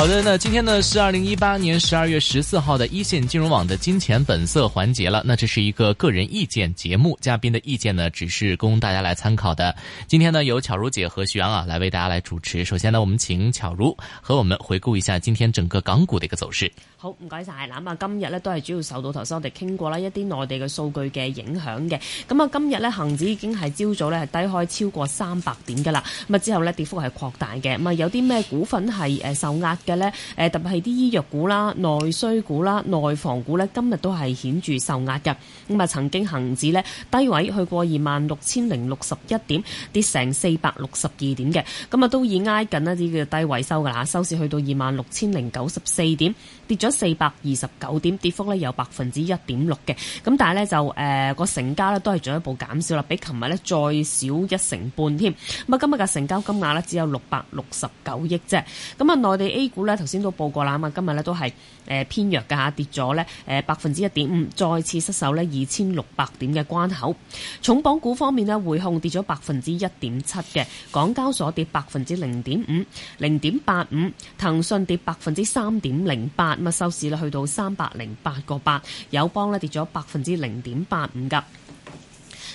好的，那今天呢是二零一八年十二月十四號的一線金融網的金錢本色環節了。那這是一個個人意見節目，嘉賓的意見呢只是供大家來參考的。今天呢由巧如姐和徐陽啊來為大家來主持。首先呢，我們請巧如和我們回顧一下今天整個港股的一個走勢。好，唔該晒。嗱，咁啊，今日呢，都係主要受到頭先我哋傾過啦一啲內地嘅數據嘅影響嘅。咁啊，今日呢，恒指已經係朝早呢，係低開超過三百點噶啦。咁啊之後呢，跌幅係擴大嘅。咁啊，有啲咩股份係誒受壓嘅呢，誒特別係啲醫藥股啦、內需股啦、內房股呢，今日都係顯著受壓嘅。咁啊，曾經恒指呢，低位去過二萬六千零六十一點，跌成四百六十二點嘅。咁啊，都已挨緊一啲叫低位收㗎啦。收市去到二萬六千零九十四點，跌咗四百二十九點，跌幅呢有百分之一點六嘅。咁但係呢，就誒個、呃、成交呢都係進一步減少啦，比琴日呢再少一成半添。咁啊，今日嘅成交金額呢，只有六百六十九億啫。咁啊，內地 A 股咧，頭先都報過啦，啊，今日呢都係偏弱㗎，跌咗呢百分之一點五，再次失守呢二千六百點嘅關口。重磅股方面呢，匯控跌咗百分之一點七嘅，港交所跌百分之零點五零點八五，騰訊跌百分之三點零八，咁啊收市呢去到三百零八個八，友邦呢跌咗百分之零點八五嘅。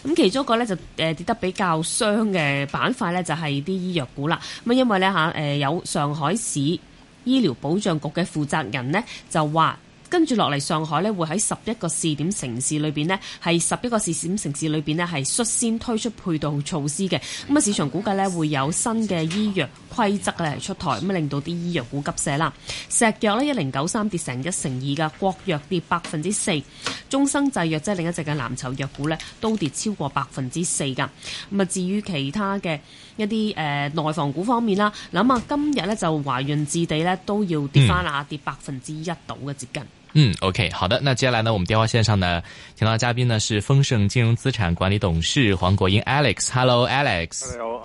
咁其中一個呢，就跌得比較傷嘅板塊呢，就係啲醫藥股啦。咁因為呢，嚇有上海市。醫療保障局嘅負責人呢，就話。跟住落嚟，上海呢會喺十一個試點城市裏面，呢係十一個試點城市裏面，呢係率先推出配套措施嘅。咁啊，市場估計呢會有新嘅醫藥規則嚟出台，咁令到啲醫藥股急瀉啦。石藥呢，一零九三跌成一成二噶，國藥跌百分之四，中生製藥即係另一隻嘅藍籌藥股呢都跌超過百分之四噶。咁啊，至於其他嘅一啲誒、呃、內房股方面啦，諗下今日呢就華潤置地呢都要跌返啊，跌百分之一度嘅接近。嗯。嗯，OK，好的，那接下來呢，我們電話線上呢，請到嘉賓呢是豐盛金融資產管理董事黃國英 Alex，Hello，Alex，Hello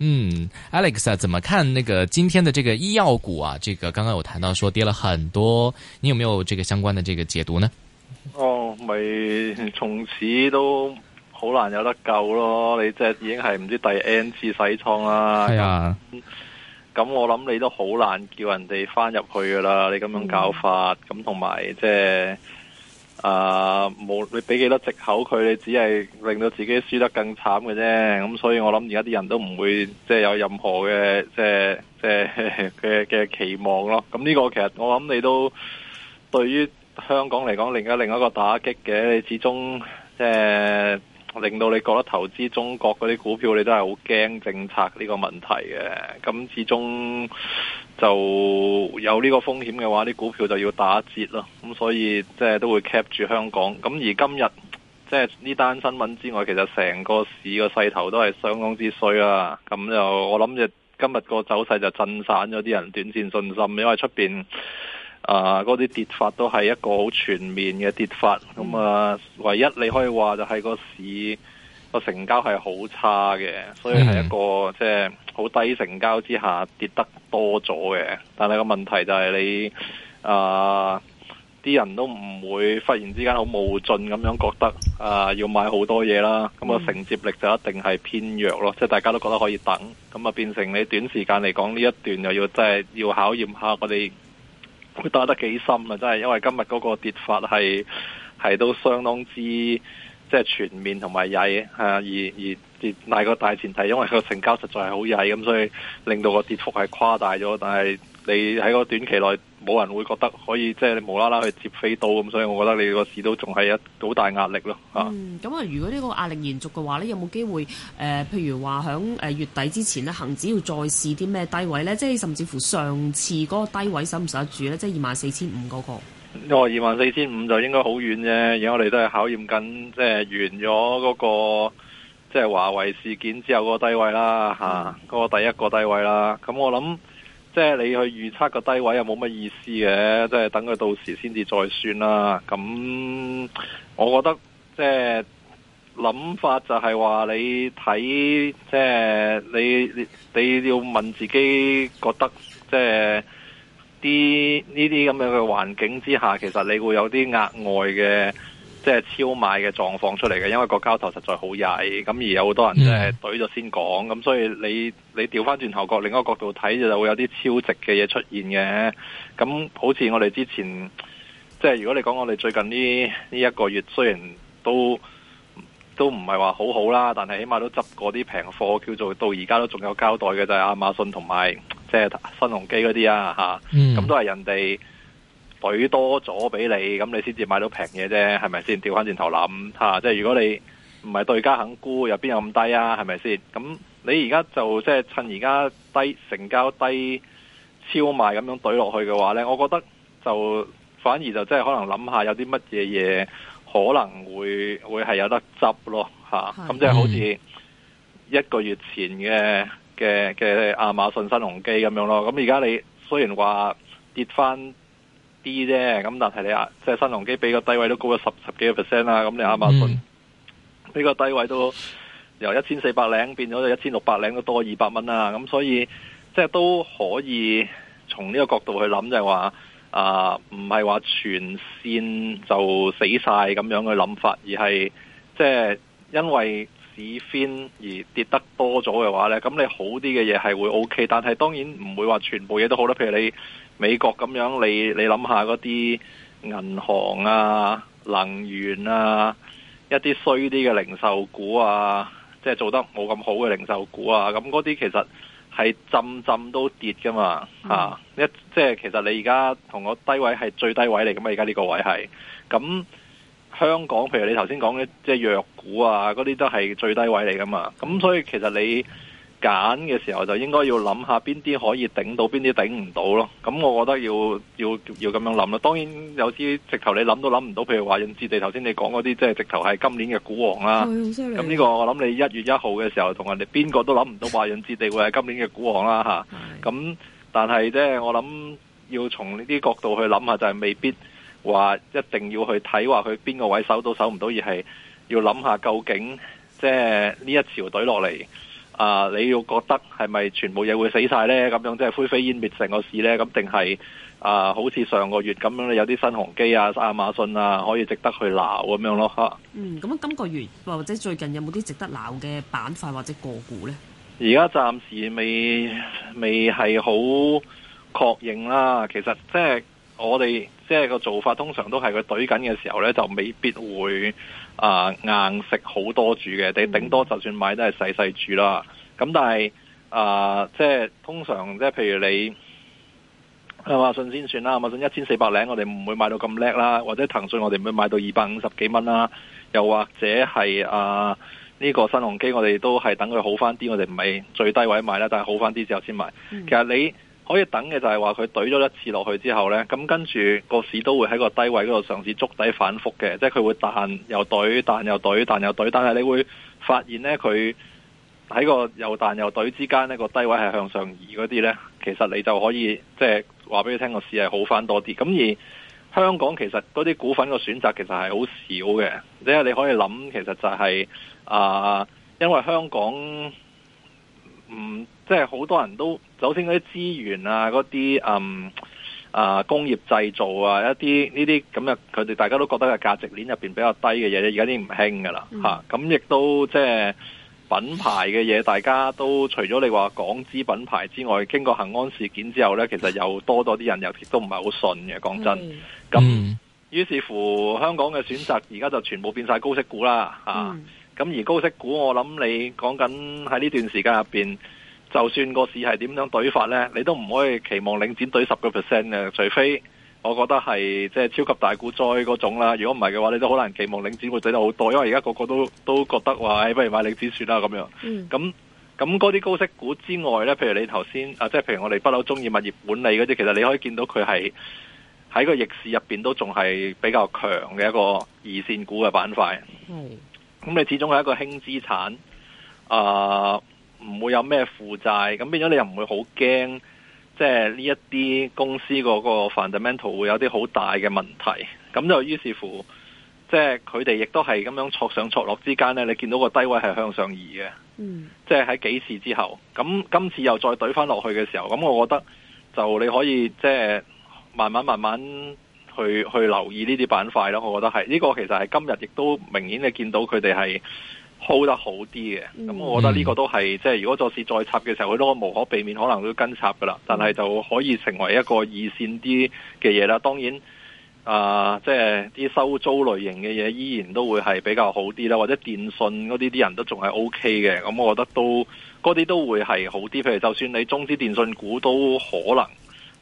嗯，Alex 啊，怎麼看那個今天的這個醫藥股啊？這個剛剛有談到說跌了很多，你有沒有這個相關的這個解讀呢？哦，咪從此都好難有得救咯，你即係已經係唔知第 N 次洗倉啦，係啊。嗯咁我諗你都好難叫人哋翻入去噶啦，你咁樣搞法，咁同埋即係啊，冇你俾幾多藉口，佢，你只係令到自己輸得更慘嘅啫。咁、嗯、所以我諗而家啲人都唔會即係、就是、有任何嘅即係即係嘅嘅期望咯。咁呢個其實我諗你都對於香港嚟講，另一另一個打擊嘅，你始終即係。就是令到你覺得投資中國嗰啲股票，你都係好驚政策呢個問題嘅。咁始終就有呢個風險嘅話，啲股票就要打折咯。咁所以即係都會 cap 住香港。咁而今日即係呢單新聞之外，其實成個市個勢頭都係相當之衰喇。咁就我諗就今日個走勢就震散咗啲人短線信心，因為出邊。啊，嗰啲跌法都係一個好全面嘅跌法，咁、嗯、啊，唯一你可以話就係個市個成交係好差嘅、嗯，所以係一個即係好低成交之下跌得多咗嘅。但係個問題就係你啊，啲人都唔會忽然之間好冒進咁樣覺得啊，要買好多嘢啦，咁、嗯、啊承接力就一定係偏弱咯，即、就、係、是、大家都覺得可以等，咁啊變成你短時間嚟講呢一段又要即係、就是、要考驗下我哋。會打得幾深啊！真係，因為今日嗰個跌法係係都相當之即係、就是、全面同埋曳而而大個大前提，因為佢個成交實在係好曳咁，所以令到個跌幅係誇大咗。但係你喺個短期內。冇人會覺得可以即係你無啦啦去接飛刀咁，所以我覺得你個市都仲係一好大壓力咯嚇。咁啊，嗯、那如果呢個壓力延續嘅話咧，有冇機會誒、呃？譬如話響誒月底之前咧，恒指要再試啲咩低位咧？即係甚至乎上次嗰個低位守唔守得住咧？即係二萬四千五嗰個、那個嗯。哦，二萬四千五就應該好遠啫，而家我哋都係考驗緊，即、就、係、是、完咗嗰、那個即係、就是、華為事件之後嗰個低位啦，嚇、啊、嗰、嗯那個第一個低位啦。咁、嗯、我諗。即係你去預測個低位又冇乜意思嘅，即係等佢到時先至再算啦。咁我覺得即係諗法就係話你睇，即係你你，你要問自己覺得，即係啲呢啲咁樣嘅環境之下，其實你會有啲額外嘅。即係超賣嘅狀況出嚟嘅，因為個交投實在好曳，咁而有好多人即係懟咗先講，咁、嗯、所以你你調翻轉頭角，另一個角度睇就會有啲超值嘅嘢出現嘅。咁好似我哋之前，即係如果你講我哋最近呢呢一個月，雖然都都唔係話好好啦，但係起碼都執過啲平貨，叫做到而家都仲有交代嘅就係、是、亞馬遜同埋即係新鴻基嗰啲啊吓，咁、嗯、都係人哋。懟多咗畀你，咁你先至買到平嘢啫，係咪先？調翻轉頭諗吓，即係如果你唔係對家肯沽，入邊有咁低啊，係咪先？咁你而家就即係趁而家低成交低超賣咁樣懟落去嘅話呢，我覺得就反而就即係可能諗下有啲乜嘢嘢可能會會係有得執咯吓，咁、啊、即係好似一個月前嘅嘅嘅亞馬遜新鴻基咁樣咯。咁而家你雖然話跌翻。啲啫，咁但係你啊，即係新鴻基俾個低位都高咗十十幾個 percent 啦，咁你啱唔啱？算呢個低位都由一千四百零變咗一千六百零都多二百蚊啦，咁所以即係都可以從呢個角度去諗，就係話啊，唔係話全綫就死晒咁樣嘅諗法，而係即係因為市偏而跌得多咗嘅話呢。咁你好啲嘅嘢係會 OK，但係當然唔會話全部嘢都好啦，譬如你。美國咁樣，你你諗下嗰啲銀行啊、能源啊、一啲衰啲嘅零售股啊，即係做得冇咁好嘅零售股啊，咁嗰啲其實係浸浸都跌噶嘛，一、嗯啊、即係其實你而家同個低位係最低位嚟㗎嘛。而家呢個位係咁，香港，譬如你頭先講嘅即係藥股啊，嗰啲都係最低位嚟噶嘛，咁所以其實你。揀嘅時候就應該要諗下邊啲可以頂到，邊啲頂唔到咯。咁、嗯、我覺得要要要咁樣諗啦。當然有啲直頭你諗都諗唔到，譬如華潤置地，頭先你講嗰啲，即係直頭係今年嘅股王啦。咁、oh, 呢、嗯這個我諗你一月一號嘅時候同人哋邊個都諗唔到華潤置地會係今年嘅股王啦吓。咁、yes. 嗯、但係即係我諗要從呢啲角度去諗下，就係、是、未必話一定要去睇話佢邊個位守到守唔到，而係要諗下究竟即係呢一潮隊落嚟。啊！你要覺得係咪全部嘢會死晒呢？咁樣即係灰飛煙滅成個市呢？咁定係啊？好似上個月咁樣有啲新鴻基啊、亞馬遜啊，可以值得去鬧咁樣咯？嚇、嗯！咁今個月或者最近有冇啲值得鬧嘅板塊或者個股呢？而家暫時未未係好確認啦。其實即係我哋即係個做法，通常都係佢懟緊嘅時候呢，就未必會。啊、呃，硬食好多注嘅，你頂多就算買都係細細注啦。咁但係啊、呃，即係通常即係，譬如你亞馬遜先算啦，亞馬遜一千四百零，我哋唔會買到咁叻啦。或者騰訊我哋唔會買到二百五十幾蚊啦。又或者係啊，呢、呃這個新鴻基我哋都係等佢好翻啲，我哋唔係最低位買啦，但係好翻啲之後先買。嗯、其實你。可以等嘅就係話佢懟咗一次落去之後呢，咁跟住個市都會喺個低位嗰度嘗試捉底反覆嘅，即係佢會彈又懟，彈又懟，彈又懟，但係你會發現呢，佢喺個又彈又懟之間呢個低位係向上移嗰啲呢，其實你就可以即係話俾你聽個市係好返多啲。咁而香港其實嗰啲股份嘅選擇其實係好少嘅，即係你可以諗，其實就係、是、啊、呃，因為香港。嗯，即係好多人都，首先嗰啲資源啊，嗰啲嗯啊工業製造啊，一啲呢啲咁嘅，佢哋大家都覺得係價值鏈入邊比較低嘅嘢，而家啲唔興噶啦吓。咁、嗯、亦、啊、都即係品牌嘅嘢，大家都除咗你話港資品牌之外，經過恒安事件之後呢，其實又多咗啲人又都唔係好信嘅。講真，咁、嗯、於、嗯、是乎，香港嘅選擇而家就全部變晒高息股啦啊！嗯咁而高息股，我諗你講緊喺呢段時間入邊，就算個市係點樣懟法呢，你都唔可以期望領展懟十個 percent 嘅。除非我覺得係即係超級大股災嗰種啦。如果唔係嘅話，你都好難期望領展會懟得好多，因為而家個個都都覺得話，哎，不如買領展算啦咁樣。咁咁嗰啲高息股之外呢，譬如你頭先啊，即係譬如我哋不嬲中意物業管理嗰啲，其實你可以見到佢係喺個逆市入邊都仲係比較強嘅一個二線股嘅板塊。嗯咁你始終係一個輕資產，啊、呃，唔會有咩負債，咁變咗你又唔會好驚，即係呢一啲公司嗰、嗰個 fundamental 會有啲好大嘅問題，咁就於是乎，即係佢哋亦都係咁樣挫上挫落之間呢，你見到個低位係向上移嘅，嗯，即係喺幾時之後，咁今次又再懟翻落去嘅時候，咁我覺得就你可以即係、就是、慢慢慢慢。去去留意呢啲板塊咯，我覺得係呢、呢個其實係今日亦都明顯嘅見到佢哋係 hold 得好啲嘅。咁、嗯、我覺得呢個都係即係如果作市再插嘅時候，佢都無可避免可能都跟插噶啦。但係就可以成為一個二線啲嘅嘢啦。當然啊、呃，即係啲收租類型嘅嘢依然都會係比較好啲啦。或者電信嗰啲啲人都仲係 OK 嘅。咁我覺得都嗰啲都會係好啲。譬如就算你中資電信股都可能。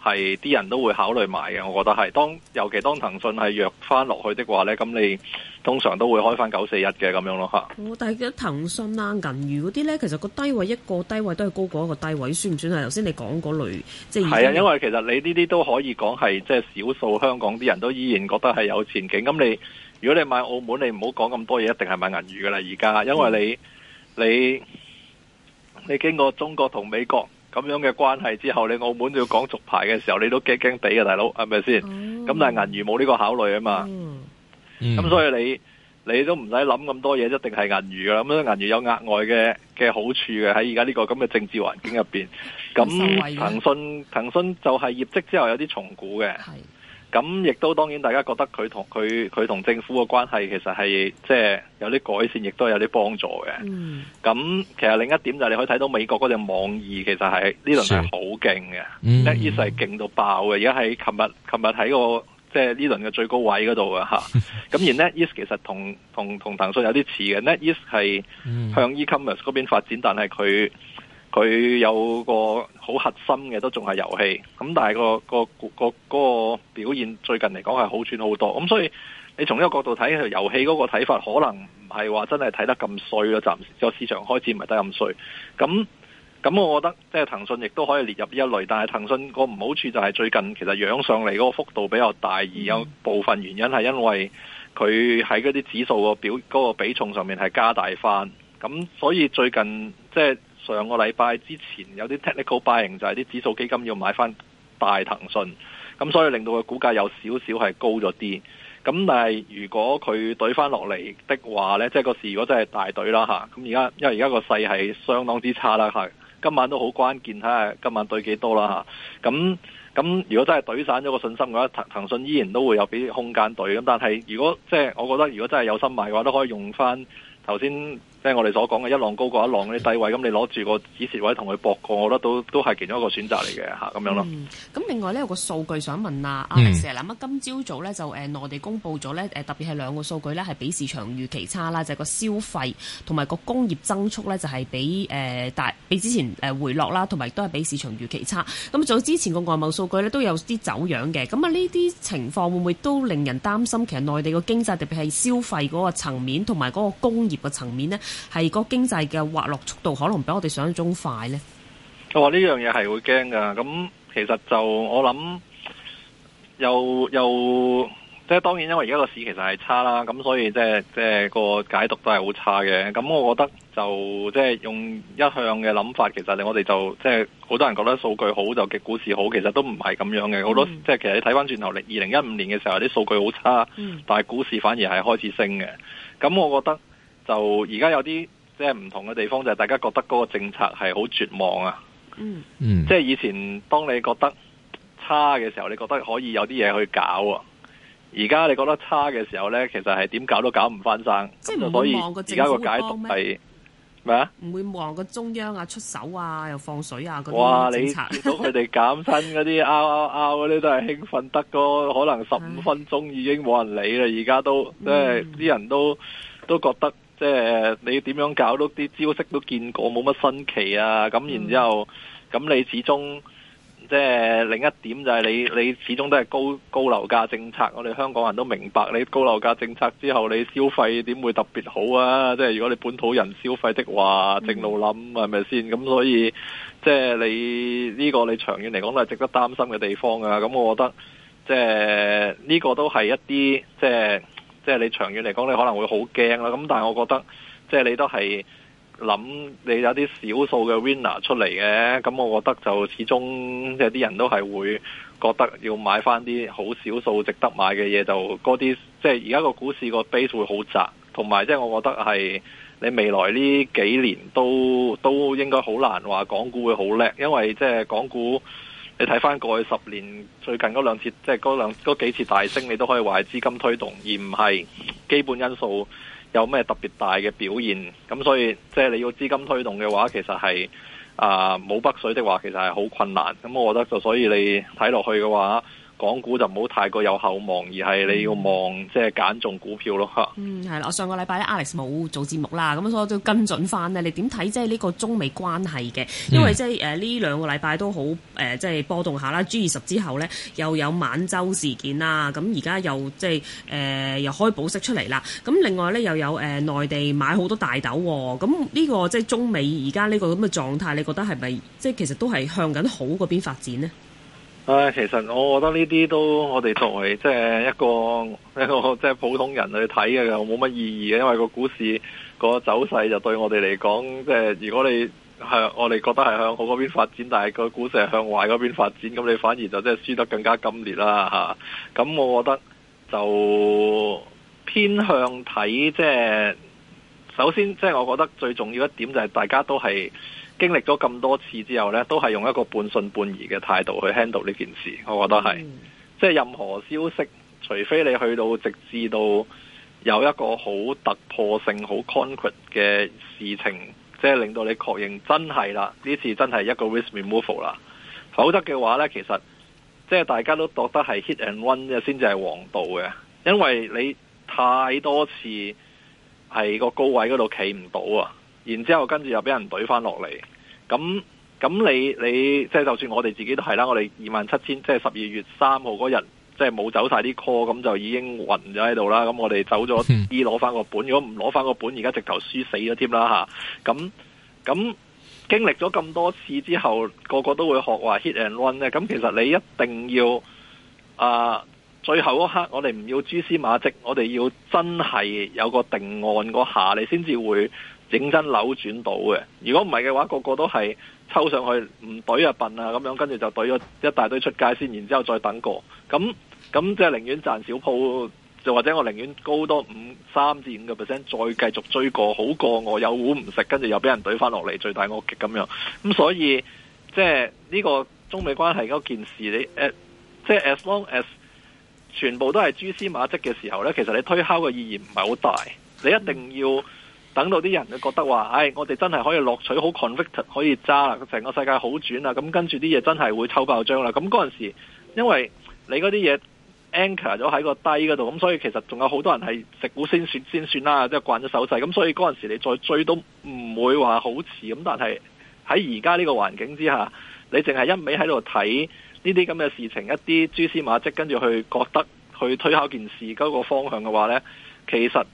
係啲人都會考慮買嘅，我覺得係當尤其當騰訊係弱翻落去的話呢，咁你通常都會開翻九四一嘅咁樣咯吓。但係記得騰訊啦、銀娛嗰啲呢，其實個低位一個低位都係高過一個低位，算唔算係頭先你講嗰類？即係係啊，因為其實你呢啲都可以講係即係少數香港啲人都依然覺得係有前景。咁你如果你買澳門，你唔好講咁多嘢，一定係買銀娛噶啦而家，因為你、嗯、你你經過中國同美國。咁樣嘅關係之後，你澳門要講續牌嘅時候，你都驚驚地嘅，大佬係咪先？咁但係銀娛冇呢個考慮啊嘛。咁所以你你都唔使諗咁多嘢，一定係銀娛㗎啦。咁銀娛有額外嘅嘅好處嘅喺而家呢個咁嘅、這個、政治環境入邊。咁騰訊騰訊就係業績之後有啲重估嘅。咁亦都當然，大家覺得佢同佢佢同政府嘅關係其實係即係有啲改善，亦都有啲幫助嘅。咁、嗯、其實另一點就係你可以睇到美國嗰隻網易其實係呢輪係好勁嘅 NetEase 係勁到爆嘅，而家喺琴日琴日喺個即係呢輪嘅最高位嗰度 啊嚇。咁而 NetEase 其實同同同騰訊有啲似嘅 Net、嗯、Ease 係向 e-commerce 嗰邊發展，但係佢。佢有個好核心嘅都仲係遊戲，咁，但係，嗰個，嗰個個，嗰個表現最近嚟講係好轉好多咁，所以你從呢個角度睇遊戲嗰個睇法，可能唔係話真係睇得咁衰咯。暫時個市場開始唔係得咁衰咁。咁我覺得即係騰訊亦都可以列入呢一類，但係騰訊個唔好處就係最近其實揚上嚟嗰個幅度比較大，而有部分原因係因為佢喺嗰啲指數個表嗰、嗰個比重上面係加大翻咁，所以最近即係。上個禮拜之前有啲 technical buying 就係啲指數基金要買翻大騰訊，咁所以令到佢股價有少少係高咗啲。咁但係如果佢懟翻落嚟的話呢，即係個市如果真係大懟啦嚇。咁而家因為而家個勢係相當之差啦嚇，今晚都好關鍵，睇下今晚對幾多啦嚇。咁咁如果真係懟散咗個信心嘅話，騰騰訊依然都會有啲空間懟。咁但係如果即係、就是、我覺得如果真係有心買嘅話，都可以用翻頭先。即係我哋所講嘅一浪高過一浪嗰啲低位，咁、嗯、你攞住個止蝕位同佢搏過，我覺得都都係其中一個選擇嚟嘅嚇，咁樣咯。咁、嗯、另外咧，有個數據想問啊，阿、嗯、石啊，嗱咁今朝早咧就誒、呃、內地公布咗咧誒，特別係兩個數據咧係比市場預期差啦，就係個消費同埋個工業增速咧就係比誒大比之前誒回落啦，同埋都係比市場預期差。咁早、就是就是呃、之前個外貿數據咧都有啲走樣嘅，咁啊呢啲情況會唔會都令人擔心？其實內地個經濟特別係消費嗰個層面同埋嗰個工業嘅層面咧？係個經濟嘅滑落速度，可能比我哋想象中快呢。佢話呢樣嘢係會驚噶。咁其實就我諗，又又即係當然，因為而家個市其實係差啦。咁所以即係即係個解讀都係好差嘅。咁我覺得就即係用一向嘅諗法，其實我哋就即係好多人覺得數據好就極股市好，其實都唔係咁樣嘅。好、嗯、多即係其實你睇翻轉頭嚟，二零一五年嘅時候啲數據好差，嗯、但係股市反而係開始升嘅。咁我覺得。就而家有啲即係唔同嘅地方，就係、是、大家覺得嗰個政策係好絕望啊！嗯、即係以前當你覺得差嘅時候，你覺得可以有啲嘢去搞啊。而家你覺得差嘅時候咧，其實係點搞都搞唔翻生。即係而家望個解讀係，咩？啊？唔會望個中央啊出手啊，又放水啊嗰啲政策哇！你見到佢哋減薪嗰啲拗拗拗嗰啲， 啊啊啊、都係興奮得過。可能十五分鐘已經冇人理啦。而家都即係啲、嗯、人都都覺得。即係你點樣搞都，啲招式都見過，冇乜新奇啊！咁然之後，咁、嗯、你始終即係另一點就係你你始終都係高高樓價政策。我哋香港人都明白，你高樓價政策之後，你消費點會特別好啊？即係如果你本土人消費的話，正路諗係咪先？咁、嗯、所以即係你呢個你長遠嚟講都係值得擔心嘅地方啊。咁我覺得即係呢個都係一啲即係。即係你長遠嚟講，你可能會好驚啦。咁但係我覺得，即係你都係諗你有啲少數嘅 winner 出嚟嘅。咁我覺得就始終即係啲人都係會覺得要買翻啲好少數值得買嘅嘢。就嗰啲即係而家個股市個 base 會好窄，同埋即係我覺得係你未來呢幾年都都應該好難話港股會好叻，因為即係港股。你睇返過去十年最近嗰兩次，即係嗰兩嗰幾次大升，你都可以話係資金推動，而唔係基本因素有咩特別大嘅表現。咁所以即係、就是、你要資金推動嘅話，其實係啊冇北水的話，其實係好困難。咁我覺得就所以你睇落去嘅話。港股就唔好太過有厚望，而係你要望即係揀中股票咯，嚇嗯，係啦，我上個禮拜 Alex 冇做節目啦，咁所以我都跟準翻呢，你點睇即係呢個中美關係嘅？因為即係呢兩個禮拜都好、呃、即係波動下啦。G 二十之後呢，又有晚舟事件啦，咁而家又即係誒、呃、又可以保釋出嚟啦。咁另外呢，又有誒、呃、內地買好多大豆喎、哦。咁呢，呢個即係中美而家呢個咁嘅狀態，你覺得係咪即係其實都係向緊好嗰邊發展呢？唉，其實我我覺得呢啲都我哋作為即係一個一個即係普通人去睇嘅，又冇乜意義嘅，因為個股市個走勢就對我哋嚟講，即係如果你向我哋覺得係向好嗰邊發展，但係個股市係向壞嗰邊發展，咁你反而就即係輸得更加激烈啦吓。咁我覺得就偏向睇即係，首先即係我覺得最重要一點就係大家都係。經歷咗咁多次之後呢，都係用一個半信半疑嘅態度去 handle 呢件事，我覺得係，即係任何消息，除非你去到直至到有一個好突破性、好 concrete 嘅事情，即係令到你確認真係啦，呢次真係一個 risk removal 啦，否則嘅話呢，其實即係大家都覺得係 hit and run 先至係王道嘅，因為你太多次喺個高位嗰度企唔到啊。然之後跟住又俾人懟翻落嚟，咁咁你你即係、就是、就算我哋自己都係啦，我哋二萬七千，即係十二月三號嗰日，即係冇走曬啲 call，咁就已經暈咗喺度啦。咁我哋走咗啲攞翻個本，如果唔攞翻個本，而家直頭輸死咗添啦吓，咁、啊、咁經歷咗咁多次之後，個個都會學話 hit and run 咧。咁其實你一定要啊，最後嗰刻我哋唔要蛛絲馬跡，我哋要真係有個定案嗰下，你先至會。認真扭轉到嘅，如果唔係嘅話，個個都係抽上去唔懟啊笨啊咁樣，跟住就懟咗一大堆出街先，然之後再等過，咁咁即係寧願賺少鋪，就或者我寧願高多五、三至五個 percent，再繼續追過，好過我有糊唔食，跟住又俾人懟翻落嚟，罪大惡極咁樣。咁所以即係呢個中美關係嗰件事，你誒，即係 as long as 全部都係蛛絲馬迹嘅時候呢，其實你推敲嘅意義唔係好大，你一定要。等到啲人就覺得話，唉、哎，我哋真係可以落取好 convict 可以揸啦，成個世界好轉啦，咁跟住啲嘢真係會抽爆張啦。咁嗰陣時，因為你嗰啲嘢 anchor 咗喺個低嗰度，咁所以其實仲有好多人係食股先算先算啦，即係慣咗手勢。咁所以嗰陣時你再追都唔會話好遲。咁但係喺而家呢個環境之下，你淨係一味喺度睇呢啲咁嘅事情，一啲蛛絲馬跡，跟住去覺得去推敲件事嗰個方向嘅話呢，其實。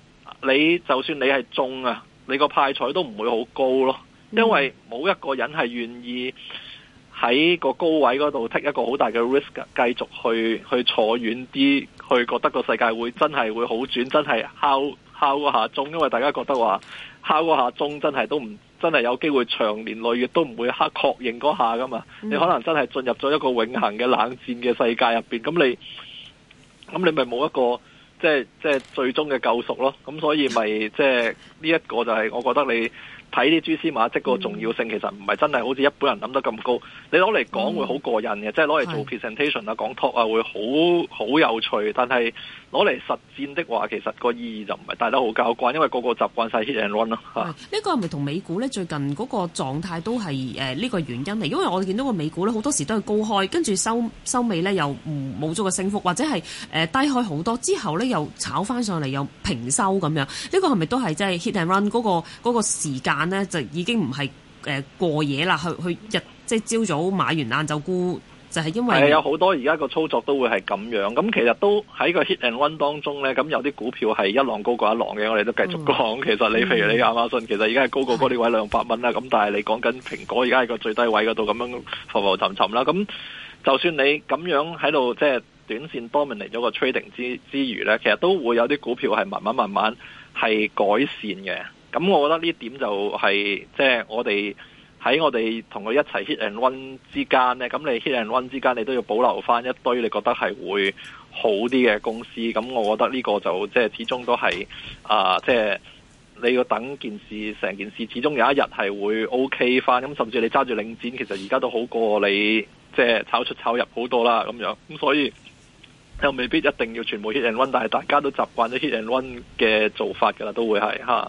你就算你係中啊你個派彩都唔會好高咯，因為冇一個人係願意喺個高位度 take 一個好大嘅 risk，繼續去去坐遠啲，去覺得個世界會真係會好轉，真係敲敲一下鐘，因為大家覺得話敲一下鐘真係都唔真係有機會長年累月都唔會黑確認一下噶嘛，嗯，你可能真係進入咗一個永恒嘅冷戰嘅世界入邊，咁你咁你咪冇一個。即係即係最終嘅救贖咯，咁所以咪、就是、即係呢一個就係、是、我覺得你睇啲蛛絲馬跡個重要性、嗯、其實唔係真係好似一般人諗得咁高，你攞嚟講會好過癮嘅、嗯，即係攞嚟做 presentation 啊、講 talk 啊會好好有趣，但係。攞嚟實戰的話，其實個意義就唔係大得好交關，因為個個習慣曬 hit and run 啦、啊。呢、這個係咪同美股咧最近嗰個狀態都係呢、呃，這個原因嚟？因為我哋見到個美股咧好多時都係高開，跟住收收尾咧又唔冇咗個升幅，或者係、呃、低開好多之後咧又炒翻上嚟又平收咁樣。呢、這個係咪都係即係 hit and run 嗰、那個嗰、那個時間咧就已經唔係、呃、過夜啦？去去日即係朝早買完晏晝沽。就係、係、因為係有好多而家個操作都會係咁樣，咁其實都喺個 hit and run 當中呢。咁有啲股票係一浪高過一浪嘅，我哋都繼續講、嗯。其實你、嗯、譬如你亞馬遜，其實而家係高過嗰啲位兩百蚊啦，咁但係你講緊蘋果而家喺個最低位嗰度咁樣浮浮沉沉啦。咁就算你咁樣喺度即係短線 dominate 咗個 trading 之之餘呢，其實都會有啲股票係慢慢慢慢係改善嘅。咁我覺得呢點就係即係我哋。喺我哋同佢一齊 hit and run 之間呢，咁你 hit and run 之間，你都要保留翻一堆，你覺得係會好啲嘅公司。咁我覺得呢個就即係始終都係啊，即、呃、係、就係、你要等件事成件事，始終有一日係會 O K 翻。咁甚至你揸住領展，其實而家都好過你即係炒出炒入好多啦咁樣。咁所以又未必一定要全部 hit and run，但係大家都習慣咗 hit and run 嘅做法噶啦，都會係吓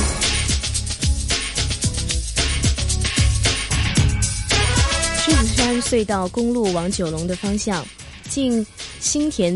獅子山隧道公路往九龍的方向，近新田。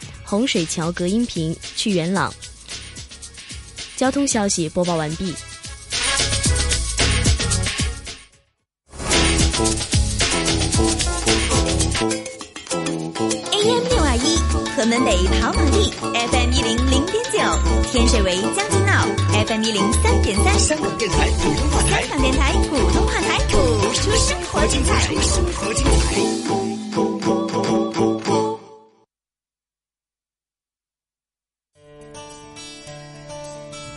洪水橋隔音屏去元朗。交通消息播報完畢。AM 六二一，河門北跑馬地 FM 一零零點九，天水圍將軍澳 FM 一零三點三。香港電台普通話台，香港電台普通話台，播出生活精彩。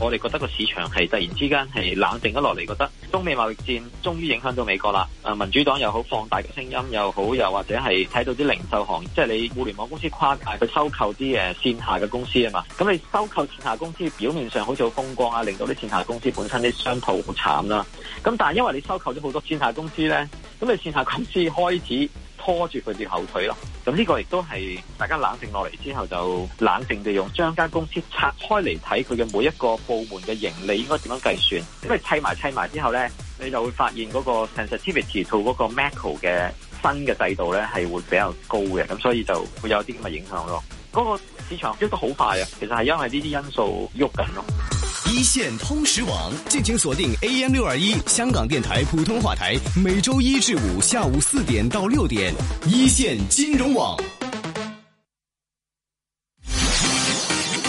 我哋覺得個市場係突然之間係冷靜咗落嚟，覺得中美貿易戰終於影響到美國啦。民主黨又好，放大嘅聲音又好，又或者係睇到啲零售行業，即係你互聯網公司跨界去收購啲線下嘅公司啊嘛。咁你收購線下公司，公司表面上好似好風光啊，令到啲線下公司本身啲商鋪好慘啦。咁但係因為你收購咗好多線下公司呢，咁你線下公司開始拖住佢哋後腿咯，咁呢個亦都係大家冷靜落嚟之後，就冷靜地用將間公司拆開嚟睇佢嘅每一個部門嘅盈利應該點樣計算，因為砌埋砌埋之後咧，你就會發現嗰個 sensitivity to 嗰個 macro 嘅新嘅制度咧，係會比較高嘅，咁所以就會有啲咁嘅影響咯，嗰個市場喐得好快啊！其實係因為呢啲因素喐緊咯。一線通時網，敬請鎖定 AM 六二一香港電台普通話台，每周一至五下午四點到六點。一線金融網，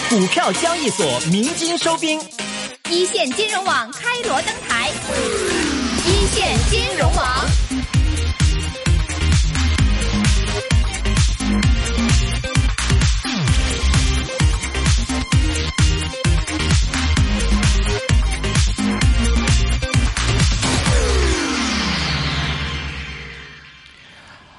股票交易所鳴金收兵。一線金融網開鑼登台。一線金融網。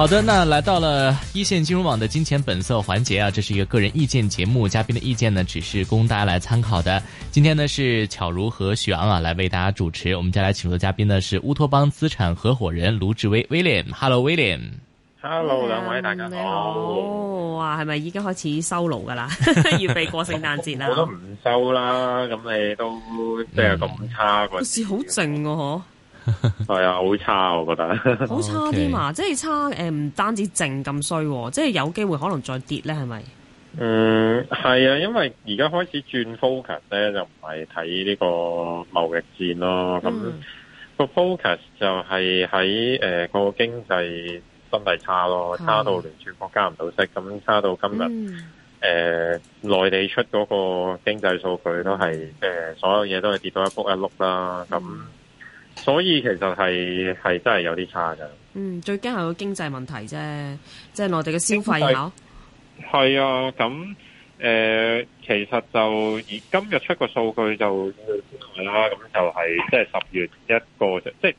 好的，那來到了一線金融網的金錢本色環節啊，這是一個個人意見節目，嘉賓的意見呢只是供大家來參考的。今天呢是巧如和許昂啊來為大家主持，我們接下來請的嘉賓呢是烏托邦資產合伙人盧志威 William，Hello William，Hello 兩位大家好，嗯、好哇，係咪已經開始收爐噶啦，預 備過聖誕節啦？ 我都唔收啦，咁你都即係咁差個，個字好靜哦、啊、嗬。係啊，好差，我覺得差好差添啊、 嗯，即係差誒，唔單止淨咁衰，即係有機會可能再跌咧，係咪？嗯，係啊，因為而家開始轉 focus 咧，就唔係睇呢個貿易戰咯，咁、嗯、個 focus 就係喺誒個經濟真係差咯，差到聯儲局加唔到息，咁差到今日誒內地出嗰個經濟數據都係誒、呃、所有嘢都係跌到一仆一碌啦，咁。嗯所以其實係係真係有啲差噶，嗯，最驚係個經濟問題啫，即係內地嘅消費、哦、啊，係啊，咁、呃、誒，其實就而今日出個數據就之外啦，咁、啊、就係即係十月一個即係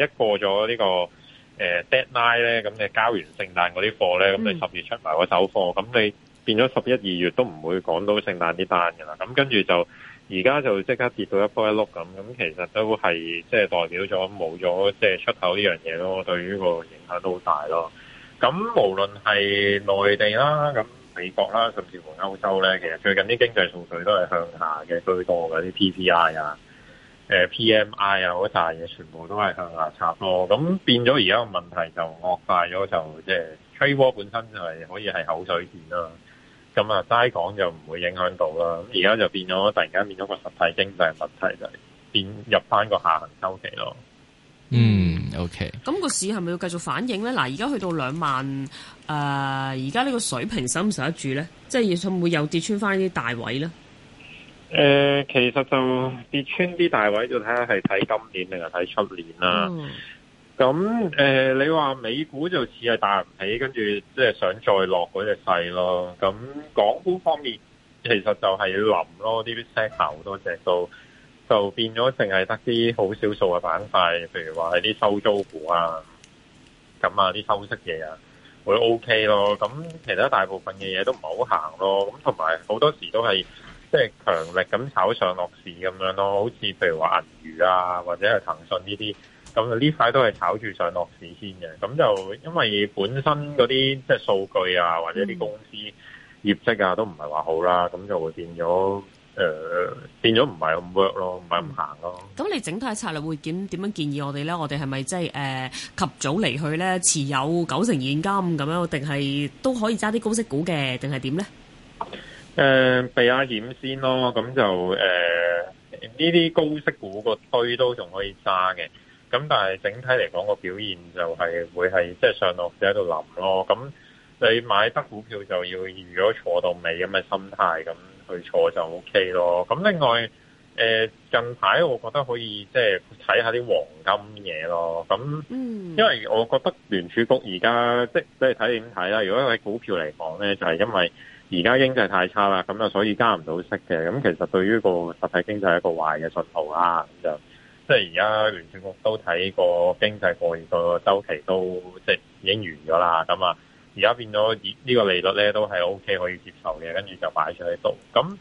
誒一過咗、這個呃、呢個誒 deadline 咧，咁你交完聖誕嗰啲貨咧，咁、嗯、你十月出埋個手貨，咁你變咗十一二月都唔會講到聖誕啲單噶啦，咁跟住就。而家就即刻跌到一波一碌咁，咁其實都係即係代表咗冇咗即係出口呢樣嘢咯，對於個影響都好大咯。咁無論係內地啦，咁美國啦，甚至乎歐洲咧，其實最近啲經濟數據都係向下嘅居多嘅，啲 PPI 啊、誒 PMI 啊嗰啲大嘢全部都係向下插咯。咁變咗而家個問題就惡化咗，就即係吹波本身就係可以係口水戰啦。咁啊，齋講就唔會影響到啦。而家就變咗，突然間變咗個實體經濟嘅問題，就係變入翻個下行周期咯。嗯，OK。咁個市係咪要繼續反應咧？嗱，而家去到兩萬，誒、呃，而家呢個水平守唔守得住咧？即係會唔會又跌穿翻啲大位咧、呃？其實就跌穿啲大位，就睇下係睇今年定係睇出年啦。哦。咁誒、呃，你話美股就似係大唔起，跟住即係想再落嗰隻勢咯。咁、嗯、港股方面，其實就係臨咯，啲 sector 好多隻都就變咗，淨係得啲好少數嘅板塊，譬如話係啲收租股啊，咁啊啲收息嘢啊，會 OK 咯。咁、嗯、其他大部分嘅嘢都唔好行咯。咁同埋好多時都係即係強力咁炒上落市咁樣咯。好似譬如話銀娛啊，或者係騰訊呢啲。咁呢塊都係炒住上落市先嘅。咁就因為本身嗰啲即係數據啊，或者啲公司業績啊，都唔係話好啦，咁就會變咗誒、呃，變咗唔係咁 work 咯，唔係咁行咯。咁、嗯、你整體策略會點點樣建議我哋咧？我哋係咪即係誒及早離去咧？持有九成現金咁樣，定係都可以揸啲高息股嘅，定係點咧？誒、呃，避啲險先咯。咁就誒呢啲高息股個堆都仲可以揸嘅。咁但係整體嚟講，個表現就係會係即係上落就喺度諗咯。咁你買得股票就要如果坐到尾咁嘅心態咁去坐就 O K 咯。咁另外誒近排我覺得可以即係睇下啲黃金嘢咯。咁因為我覺得聯儲局而家即係睇你點睇啦。如果喺股票嚟講咧，就係、是、因為而家經濟太差啦，咁啊所以加唔到息嘅。咁其實對於個實體經濟係一個壞嘅訊號啦。咁就。即係而家聯儲局都睇個經濟過熱個週期都即係已經完咗啦。咁啊，而家變咗呢個利率咧都係 O K 可以接受嘅，跟住就擺咗喺度。咁誒、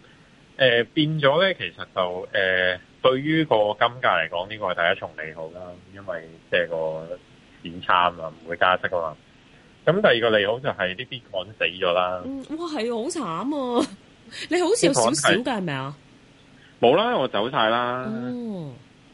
呃、變咗咧，其實就誒、呃、對於個金價嚟講，呢、這個係第一重利好啦，因為即係個點差啊，唔會加息啊嘛。咁第二個利好就係啲邊 i 死咗啦。嗯，哇，係好慘啊！你好少少少嘅係咪啊？冇啦，我走曬啦。哦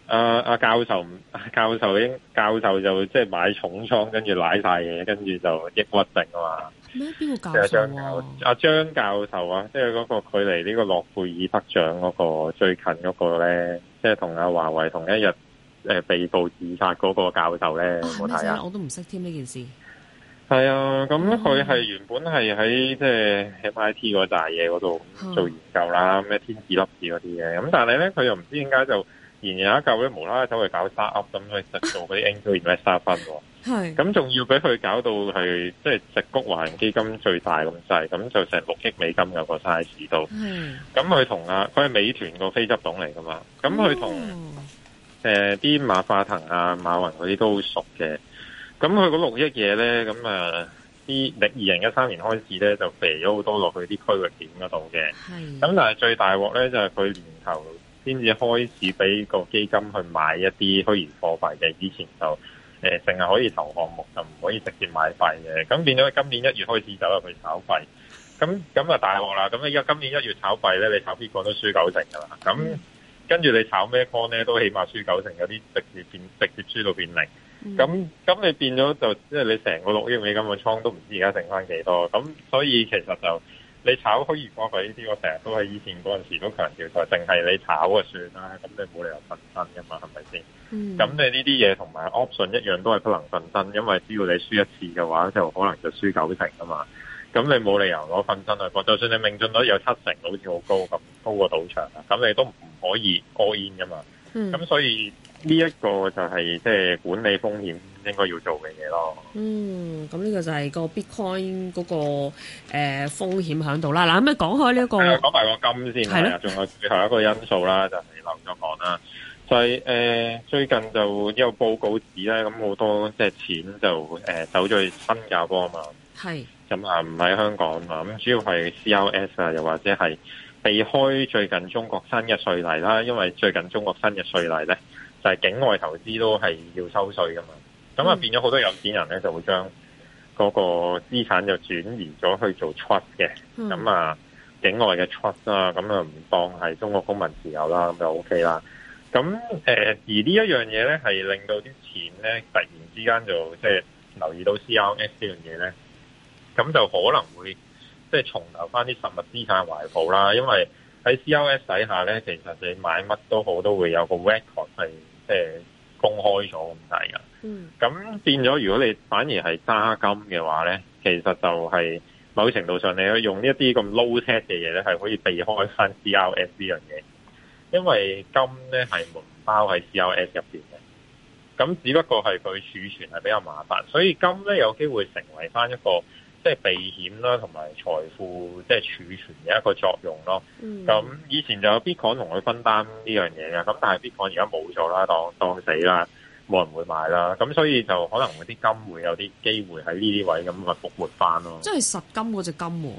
誒、啊，阿教授，教授應教授就即係買重倉，跟住瀨晒嘢，跟住就抑鬱症啊嘛。咩邊個教授啊？阿、啊、張教，、啊、教授啊，即係嗰個距離呢個諾貝爾得獎嗰個最近嗰個咧，即係同阿華為同一日誒被捕自殺嗰個教授咧。咩、啊、事？我都唔識添呢件事。係啊，咁佢係原本係喺即係 MIT 嗰大嘢嗰度做研究啦，咩、嗯、天字粒子嗰啲嘅。咁但係咧，佢又唔知點解就。而而家教會無啦啦走去搞 start-up 咁去直做嗰啲 angel investment 喎，係咁，仲要俾佢搞到係即係直谷華人基金最大咁細，咁就成六億美金有個 size 度。咁佢同啊，佢係美團個非執董嚟㗎嘛。咁佢同誒啲馬化騰啊、馬雲嗰啲都好熟嘅。咁佢嗰六億嘢咧，咁啊啲二零一三年開始咧就肥咗好多落去啲區域點嗰度嘅。係咁，但係最大鑊咧就係佢年頭。先至開始俾個基金去買一啲虛擬貨幣嘅，以前就誒淨係可以投項目，就唔可以直接買幣嘅。咁變咗今年一月開始走入去炒幣，咁咁啊大鑊啦！咁你而家今年一月炒幣咧，你炒邊個都輸九成噶啦。咁跟住你炒咩科咧，都起碼輸九成，有啲直接變，直接，變直接輸到變零。咁、嗯、咁你變咗就即係你成個六億美金嘅倉都唔知而家剩翻幾多。咁所以其實就。你炒虛擬貨幣呢啲，我成日都喺以前嗰陣時都強調就淨係你炒啊算啦，咁你冇理由瞓身噶嘛，係咪先？咁、mm. 你呢啲嘢同埋 option 一樣，都係不能瞓身，因為只要你輸一次嘅話，就可能就輸九成㗎嘛。咁你冇理由攞瞓身去搏，就算你命中率有七成，都好似好高咁，高過賭場啊，咁你都唔可以 all in 噶嘛。咁、mm. 所以。呢、這、一個就係即係管理風險應該要做嘅嘢咯。嗯、咁、嗯、呢、這個就係個 Bitcoin 嗰個誒風險喺度啦。嗱，咁啊講開呢一個，講、呃、埋、這個說金先，係咯。仲有最後一個因素啦，就係漏咗講啦。就係、是、誒、呃、最近就呢有報告指咧，咁好多即係錢就誒走咗去新加坡啊嘛。係。咁啊唔喺香港啊嘛，咁主要係 CLS 啊，又或者係避開最近中國新嘅稅例啦。因為最近中國新嘅稅例咧。就係、是、境外投資都係要收稅噶嘛，咁啊變咗好多有錢人咧就會將嗰個資產就轉移咗去做 trust 嘅，咁啊境外嘅 trust 啦、啊，咁啊唔當係中國公民持有啦，咁就 OK 啦。咁誒、呃、而這呢一樣嘢咧係令到啲錢咧突然之間就即係、就是、留意到 CRS 呢樣嘢咧，咁就可能會即係、就是、重投翻啲實物資產懷抱啦，因為喺 CRS 底下咧，其實你買乜都好都會有個 record 係。誒，公開咗咁大嘅，咁變咗如果你反而係揸金嘅話咧，其實就係某程度上你可以用一啲咁 low tech 嘅嘢咧，係可以避開翻 C R S 呢樣嘢，因為金咧係唔包喺 C R S 入面嘅，咁只不過係佢儲存係比較麻煩，所以金咧有機會成為翻一個。即係避險啦，同埋財富即係儲存嘅一個作用咯。咁、嗯、以前就有 Bitcoin 同佢分擔呢樣嘢嘅，咁但係 Bitcoin 而家冇咗啦，當當死啦，冇人會買啦。咁所以就可能嗰啲金會有啲機會喺呢啲位咁咪復活翻咯。即係實金嗰隻金、哦，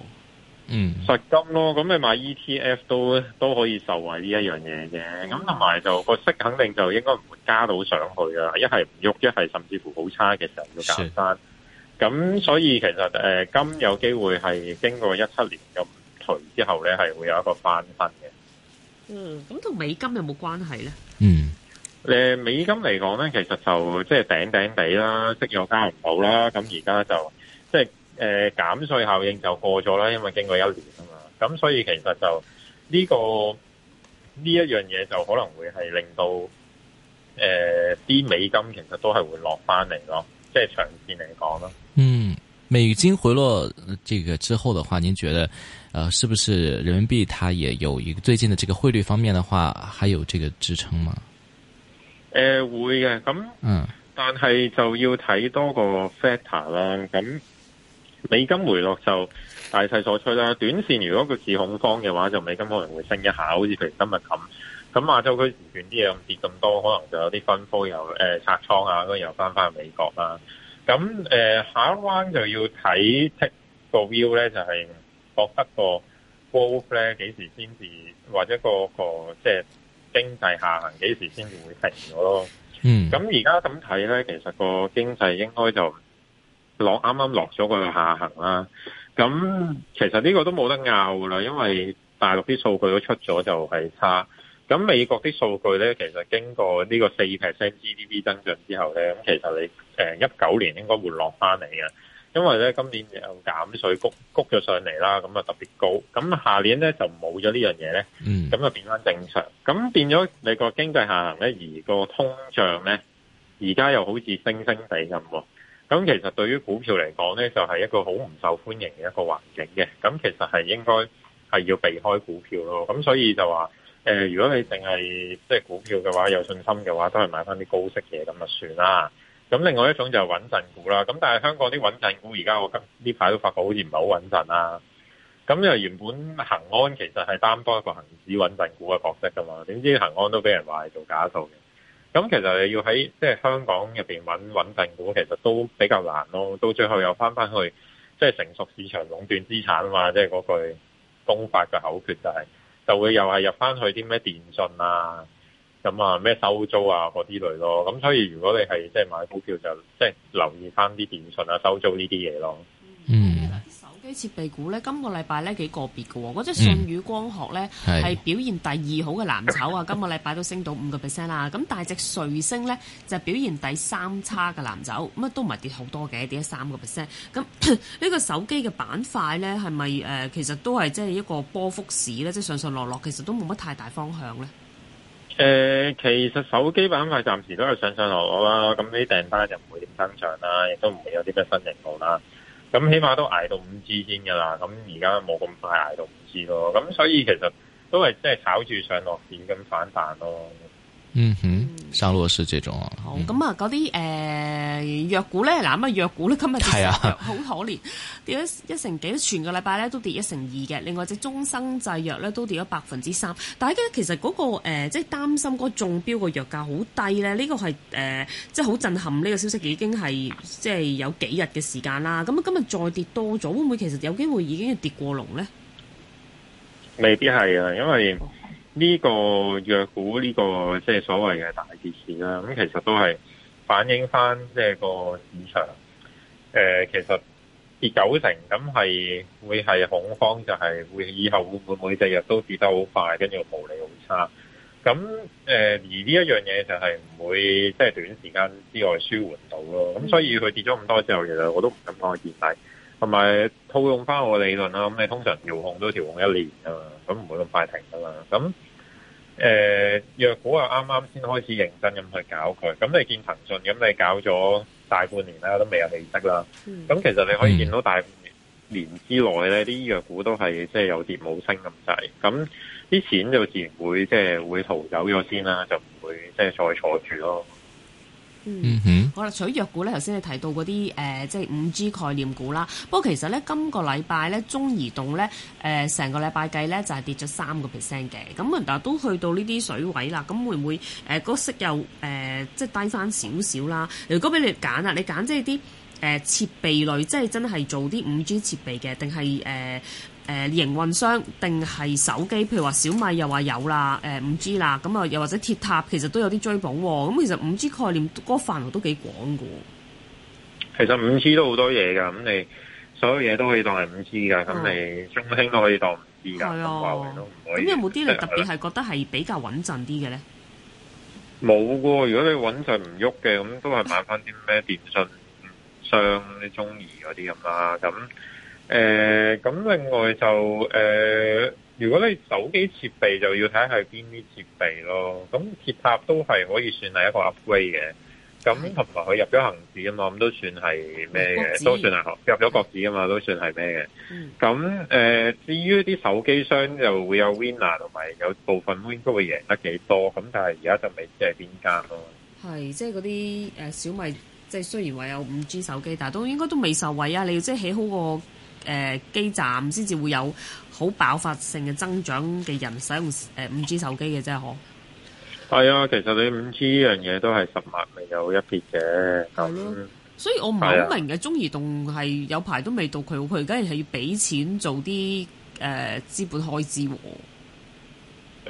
嗯，實金咯。咁你買 ETF 都都可以受惠呢一樣嘢嘅。咁同埋就個息肯定就應該唔會加到上去㗎啦。一係唔喐，一係甚至乎好差嘅時候要減翻。咁所以其實誒、呃、金有機會係經過一七年咁頹之後咧，係會有一個翻身嘅。嗯，咁同美金有冇關係咧？嗯，呃、美金嚟講咧，其實就即係頂頂地啦，息又加唔到啦。咁而家就即係誒、呃、減稅效應就過咗啦，因為經過一年啊嘛。咁所以其實就呢、呢個呢一樣嘢就可能會係令到誒啲、呃、美金其實都係會落翻嚟咯，即係長線嚟講咯。美金回落這個之後的話，您覺得，呃，是不是人民幣它也有一個最近的這個匯率方面的話，還有這個支撐嗎？誒、呃、會嘅，咁嗯，但係就要睇多個 factor 啦。咁美金回落就大勢所趨啦。短線如果佢自恐慌嘅話，就美金可能會升一下，好似譬如今日咁。咁亞洲區時段啲嘢咁跌咁多，可能就有啲分科，又誒、呃、拆倉啊，跟住又翻翻去美國啦。咁、呃、下一 round 就要睇 take 個 view 咧，就係、是、覺得個 growth 咧幾時先至，或者、那個個即係經濟下行幾時先至會停咗咯。嗯，咁而家咁睇咧，其實個經濟應該就落啱啱落咗個下行啦。咁其實呢個都冇得拗噶啦，因為大陸啲數據都出咗就係差。咁美國啲數據咧，其實經過呢個四 percent G D P 增長之後咧，咁其實你誒一九年應該會落翻嚟嘅，因為咧今年又減稅，谷谷咗上嚟啦，咁啊特別高。咁下年咧就冇咗呢樣嘢咧，咁啊變翻正常。咁變咗你個經濟下行咧，而個通脹咧，而家又好似升升地咁。咁其實對於股票嚟講咧，就係、是、一個好唔受歡迎嘅一個環境嘅。咁其實係應該係要避開股票咯。咁所以就話。誒、呃，如果你淨係即係股票嘅話，有信心嘅話，都係買翻啲高息嘢，咁就算啦。咁另外一種就係穩陣股啦。咁但係香港啲穩陣股而家我今呢排都發覺好似唔係好穩陣啦。咁因為原本恒安其實係擔當一個恒指穩陣股嘅角色噶嘛，點知恒安都俾人話係做假數嘅。咁其實要喺即係香港入邊揾穩陣股，其實都比較難咯。到最後又翻翻去即係、就是、成熟市場壟斷資產啊嘛，即係嗰句公法嘅口訣就係、是、就會又係入翻去啲咩電訊啊，咁啊咩收租啊嗰啲類咯，咁所以如果你係即係買股票就即係留意翻啲電訊啊、收租呢啲嘢咯。嗯。機設備股咧，今個禮拜咧幾個別嘅喎，嗰隻舜宇光學咧係、嗯、表現第二好嘅藍籌啊，今個禮拜都升到五個 percent 啦。咁大隻瑞星咧就表現第三差嘅藍籌，乜都唔係跌好多嘅，跌咗三個 percent。咁呢、呢個手機嘅板塊咧係咪誒其實都係即係一個波幅市咧，即係上上落落，其實都冇乜太大方向咧。誒、呃，其實手機板塊暫時都係上上落落啦，咁啲訂單就唔會點增長啦，亦都唔會有啲咩新型號啦。咁起碼都捱到五支先㗎啦，咁而家冇咁快捱到五支咯，咁所以其實都係即係炒住上落點咁反彈咯。嗯哼，上落市這種。好咁啊，嗰啲誒藥股咧，嗱咁啊藥股咧今日係啊，好可憐，跌咗一成幾，全個禮拜咧都跌一成二嘅。另外隻中生製藥咧都跌咗百分之三。大家其實嗰個誒，即係擔心嗰個中標個藥價好低咧，呢個係誒，即係好震撼。呢個消息已經係即係有幾日嘅時間啦。咁啊今日再跌多咗，會唔會其實有機會已經跌過龍咧？未必係啊，因為。哦呢、這個藥股，呢個即係所謂嘅大跌市啦、啊，咁其實都係反映翻即係個市場。誒、呃，其實跌九成，咁、嗯、係會係恐慌，就係會以後會唔會每只日都跌得好快，跟住毛利好差。咁、嗯、誒、呃，而呢一樣嘢就係唔會即係短時間之外舒緩到咯。咁、嗯嗯、所以佢跌咗咁多之後，其實我都唔敢幫佢見底。同埋套用翻我理論啦，咁、嗯、你通常調控都調控一年啊嘛。咁唔會咁快停噶啦，咁藥股啊，啱啱先開始認真咁去搞佢，咁你見騰訊咁你搞咗大半年啦，都未有起色啦，咁其實你可以見到大半年之內咧，啲藥股都係即係有跌冇升咁滯，咁啲錢就自然會即係、就是、會逃走咗先啦，就唔會即係再坐住咯。嗯，嗯哼，好啦，除咗藥股咧，頭先你提到嗰啲誒，即係五 G 概念股啦。不過其實咧，今個禮拜咧，中移動咧，誒、呃、成個禮拜計咧，就係跌咗三個 percent 嘅。咁啊，都去到呢啲水位啦。咁會唔會誒個息、呃那個、又誒即係低翻少少啦？如果俾你揀啊，你揀即係啲誒設備類，即係真係做啲五 G 設備嘅，定係誒？呃誒、呃、營運商定係手機，譬如話小米又話有啦，誒五 G 啦，咁啊又或者鐵塔其實都有啲追捧喎、哦。咁其實五 G 概念嗰、那個、範圍都幾廣噶。其實五 G 都好多嘢噶，咁你所有嘢都可以當係五 G 噶，咁、嗯、你中興都可以當五 G 噶。係哦。咁有冇啲你特別係覺得係比較穩陣啲嘅咧？冇喎，如果你穩陣唔喐嘅，咁都係買翻啲咩電信商、啲中移嗰啲咁啦，咁。誒、呃，咁另外就誒、呃，如果你手機設備就要睇下係邊啲設備咯。咁鐵塔都係可以算係一個 upgrade 嘅。咁同埋佢入咗恒指啊嘛，咁都算係咩嘅？都算係入咗國指啊嘛，都算係咩嘅？咁誒、呃，至於啲手機商就會有 winner，同埋有，有部分 winner 都會贏得幾多。咁但係而家就未知係邊間咯。係，即係嗰啲小米，即係雖然話有 5G 手機，但都應該都未受惠啊。你要即係起好個。誒，基站先至會有好爆發性嘅增長嘅人使用誒五 G 手機嘅啫，嗬。係啊，其實你五 G 呢樣嘢都係十萬未有一撇嘅。係、嗯、咯、嗯，所以我唔係好明嘅、啊，中移動係有排都未到佢，佢梗係係要俾錢做啲誒資本開支。誒、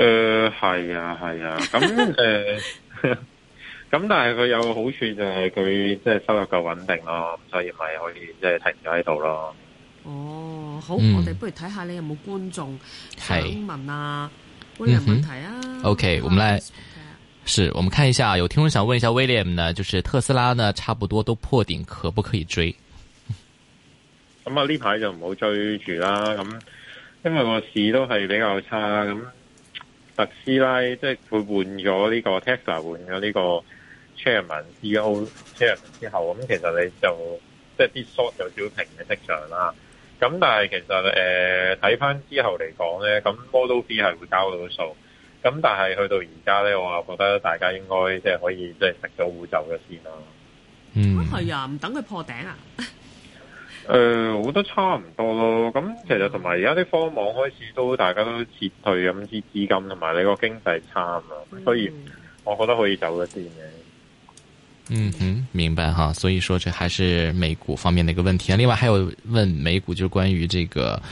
呃，係啊，係啊，咁誒，咁、 呃、但係佢有個好處就係佢即係收入夠穩定咯，所以咪可以即係、就是、停咗喺度咯。哦，好，嗯、我哋不如睇下你有冇觀眾想問啊，有任何問題啊、嗯？OK，uh, 我們來，okay. 是我們看一下，有聽眾想問一下 William 呢，就是特斯拉呢，差不多都破頂，可不可以追？咁啊，呢排就唔好追住啦。咁因為個市都係比較差。咁特斯拉即係佢換咗呢、這個 Tesla 換咗呢個 Chairman CEO Chairman 之後，咁其實你就即係啲 short 有少平嘅跡象啦。咁、嗯、但係其實誒睇翻之後嚟講咧，咁 Model B 係會交到數。咁但係去到而家咧，我啊覺得大家應該即係可以即係食咗糊走嘅先啦。嗯，咁係啊，唔等佢破頂啊。誒、 呃，我都差唔多咯。咁其實同埋而家啲科網開始都大家都撤退咁啲資金同埋你個經濟差啊嘛、嗯，所以我覺得可以走咗先嘅。嗯哼，明白哈，所以說這還是美股方面的一個問題。另外還有問美股，就是關於這個，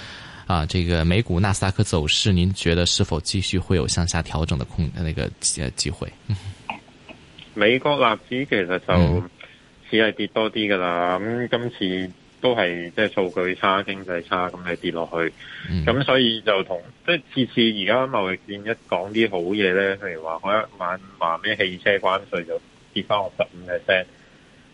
啊，這個美股納斯達克走勢，您覺得是否繼續會有向下調整的空那個機會？美國納指其實就只、嗯、係跌多啲噶啦，咁今次都係即係數據差、經濟差，咁咪跌落去，咁、嗯、所以就同即係次次而家貿易戰一講啲好嘢咧，譬如話開一晚話咩汽車關稅就翻十五 percent，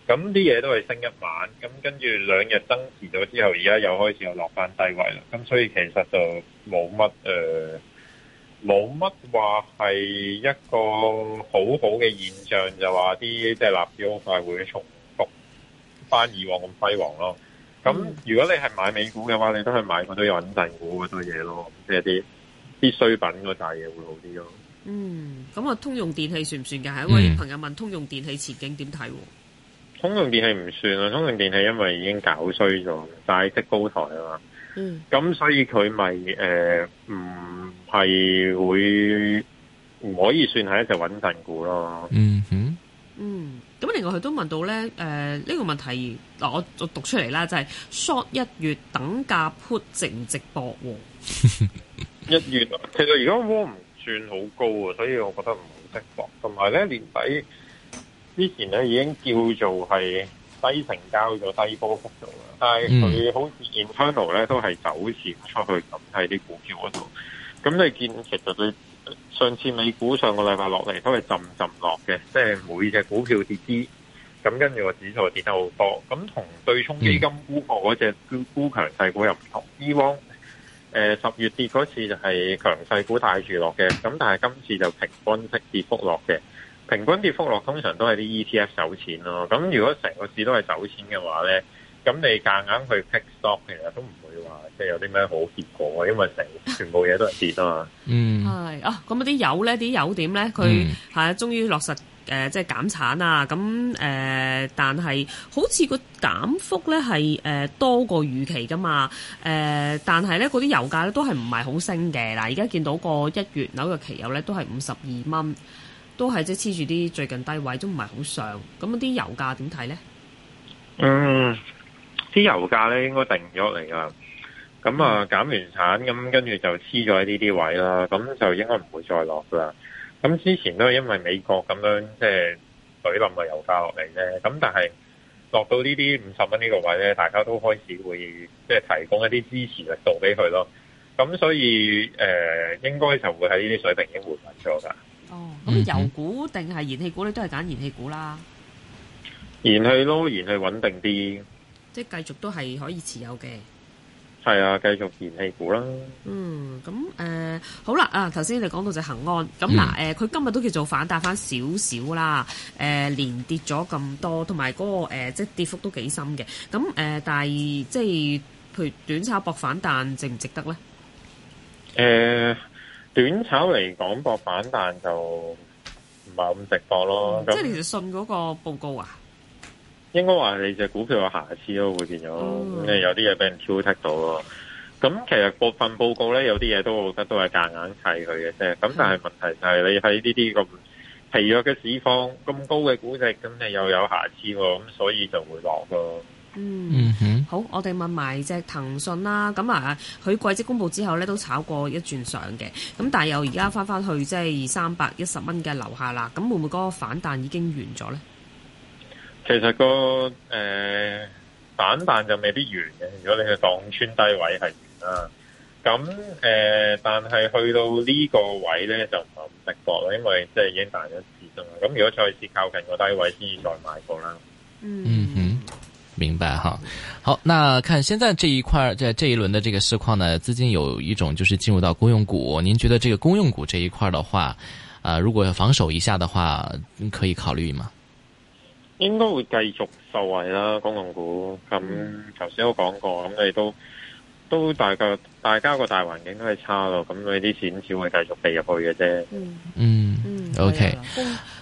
咁啲嘢都係升一晚，咁跟住兩日增持咗之後，而家又開始又落翻低位啦。咁所以其實就冇乜誒，冇乜話係一個好好嘅現象，就話啲即係好快會重複翻以往咁輝煌咯。咁如果你係買美股嘅話，你都係買嗰啲穩陣股嗰啲嘢咯，即係啲必需品嗰扎嘢會好啲咯。嗯，咁啊，通用電器算唔算㗎？係一位朋友問通用電器前景點睇？通用電器唔算啊，通用電器因為已經搞衰咗，但大積高台啊嘛。嗯，咁所以佢咪誒，唔、呃、係會，唔可以算係一隻穩陣股咯。嗯哼，嗯、咁、嗯嗯、另外佢都問到咧，誒、呃、呢、這個問題嗱，我就讀出嚟啦，就係、是、short 一月等價 put 值唔值博？一月其實而家算好高啊，所以我覺得唔好釋放。同埋咧，年底之前咧已經叫做係低成交了，咗低波幅咗啦。但係佢好似 internal 咧都係走閃出去，咁喺啲股票嗰度。咁你見其實你上次美股上個禮拜落嚟都係浸浸落嘅，即係每隻股票跌啲，咁跟住個指數跌得好多。咁同對沖基金沽破嗰隻沽強勢股又唔同。以往誒、呃、十月跌嗰次就係強勢股帶住落嘅，咁但係今次就平均式跌幅落嘅。平均跌幅落通常都係啲 ETF 走錢咯。咁如果成個市都係走錢嘅話咧，咁你夾硬去 pick stock 其實都唔會話即係有啲咩好結果，因為成全部嘢都係跌啊嘛。嗯，係啊，咁啲油咧，啲油點咧？佢係、嗯、啊，終於落實。誒、呃，即係減產啊！咁誒、呃，但係好似個減幅咧係誒多過預期噶嘛？誒、呃，但係咧，嗰啲油價咧都係唔係好升嘅。嗱，而家見到個一月樓嘅期油咧都係五十二蚊，都係即係黐住啲最近低位，都唔係好上。咁啲油價點睇咧？嗯，啲油價咧應該定咗嚟噶。咁啊，減完產咁，跟住就黐咗喺呢啲位啦。咁就應該唔會再落噶。咁之前都係因為美國咁樣即係水冧啊，油價落嚟咧，咁但係落到呢啲五十蚊呢個位咧，大家都開始會即係、就是、提供一啲支持力度俾佢咯。咁所以誒、呃、應該就會喺呢啲水平已經回穩咗噶。哦，咁油股定係燃氣股？你都係揀燃氣股啦。燃氣咯，燃氣穩定啲，即係繼續都係可以持有嘅。係啊，繼續燃氣股啦。嗯，咁誒、呃，好啦啊，頭先你講到就恒安，咁嗱誒，佢、嗯呃、今日都叫做反彈翻少少啦。誒、呃，連跌咗咁多，同埋嗰個誒、呃，即係跌幅都幾深嘅。咁誒、呃，但係即係，譬如短炒博反彈，值唔值得咧？誒、呃，短炒嚟講，博反彈就唔係咁值得咯。嗯、即係其實信嗰個報告啊？應該話你隻股票有瑕疵咯，會變咗，即係有啲嘢俾人挑剔到咯。咁、嗯、其實部分報告咧，有啲嘢都覺得都係夾硬砌佢嘅啫。咁、嗯、但係問題就係你喺呢啲咁疲弱嘅市況，咁、嗯、高嘅估值，咁你又有瑕疵喎，咁所以就會落咯。嗯，嗯哼，好，我哋問埋隻騰訊啦。咁啊，佢季績公佈之後咧，都炒過一轉上嘅。咁但係又而家翻翻去即係三百一十蚊嘅樓下啦。咁會唔會嗰個反彈已經完咗咧？其實個誒反彈就未必完嘅，如果你去擋穿低位係完啦。咁誒、呃，但係去到呢個位咧就唔咁值搏啦，因為即係已經彈咗一次咗啦。咁如果再次靠近個低位，先至再買過啦。嗯嗯，明白哈。好，那看現在這一塊，這這一輪的這個市況呢，資金有一種就是進入到公用股，您覺得這個公用股這一塊的話，啊、呃，如果要防守一下的話，可以考慮嗎？應該會繼續受惠啦、嗯嗯嗯嗯 okay.，公用股。咁頭先都講過，咁你都都大家大家個大環境都係差咯，咁你啲錢只會繼續避入去嘅啫。嗯嗯。O K。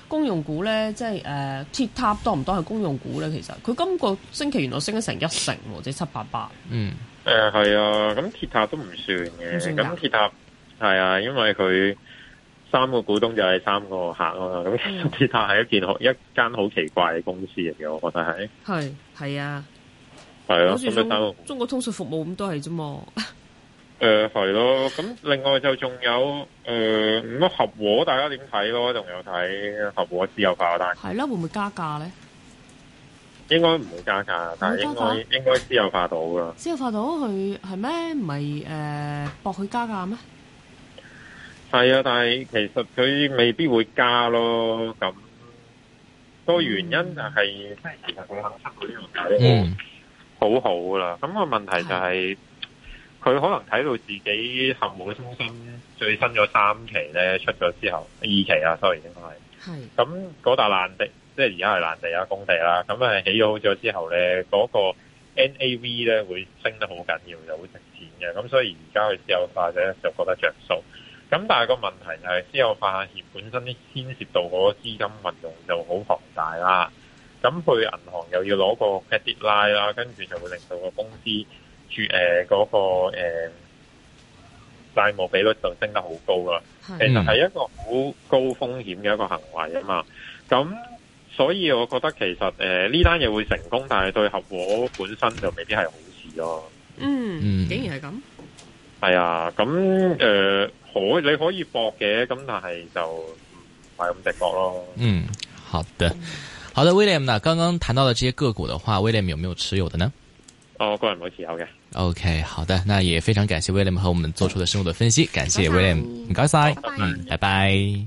公公用股咧，即係誒，鐵塔多唔多係公用股咧？其實佢今個星期原來升咗成一成，或者七八八。嗯。誒、呃，係啊，咁鐵塔都唔算嘅。咁、嗯、鐵塔係啊，因為佢。三個股東就係三個客咯，咁其實鐵塔係一件好一間好奇怪嘅公司嚟嘅，我覺得係係係啊，係咁、啊、中中國通訊服務咁都係啫嘛。誒係咯，咁、啊、另外就仲有誒，咁、呃、合和，大家點睇咯？仲有睇合和私有化嗰單係啦，會唔會加價咧？應該唔會加價，但係應該應該私有化到噶，私有化到佢係咩？唔係誒博佢加價咩？係啊，但係其實佢未必會加咯，咁個原因就係、是嗯、其實佢肯出到呢個價，嗯，好好啦。咁個問題就係、是、佢可能睇到自己項目中心最新咗三期咧出咗之後，二期啊，所以應該係係。咁嗰笪爛地，即係而家係爛地啊，工地啦，咁啊起好咗之後咧，嗰、那個 N A V 咧會升得好緊要，就會值錢嘅。咁所以而家嘅私有化者就覺得着數。咁但係個問題就係，私有化協本身啲牽涉到嗰個資金運用就好龐大啦。咁去銀行又要攞個 credit line 啦，跟住就會令到個公司住。誒、呃、嗰、那個誒債、呃、務比率就升得好高啦。其實係一個好高風險嘅一個行為啊嘛。咁所以我覺得其實誒呢單嘢會成功，但係對合和本身就未必係好事咯。嗯，竟然係咁。係、哎、啊，咁誒、呃，可你可以搏嘅，咁但係就唔係咁直接咯。嗯，好的，好的，William 嗱，剛剛談到嘅這些個股的話，William 有沒有持有的呢？哦，個人冇持有嘅。OK，好的，那也非常感謝 William 和我們做出的深入的分析，嗯、感謝 William，唔該晒，嗯，拜拜。拜拜。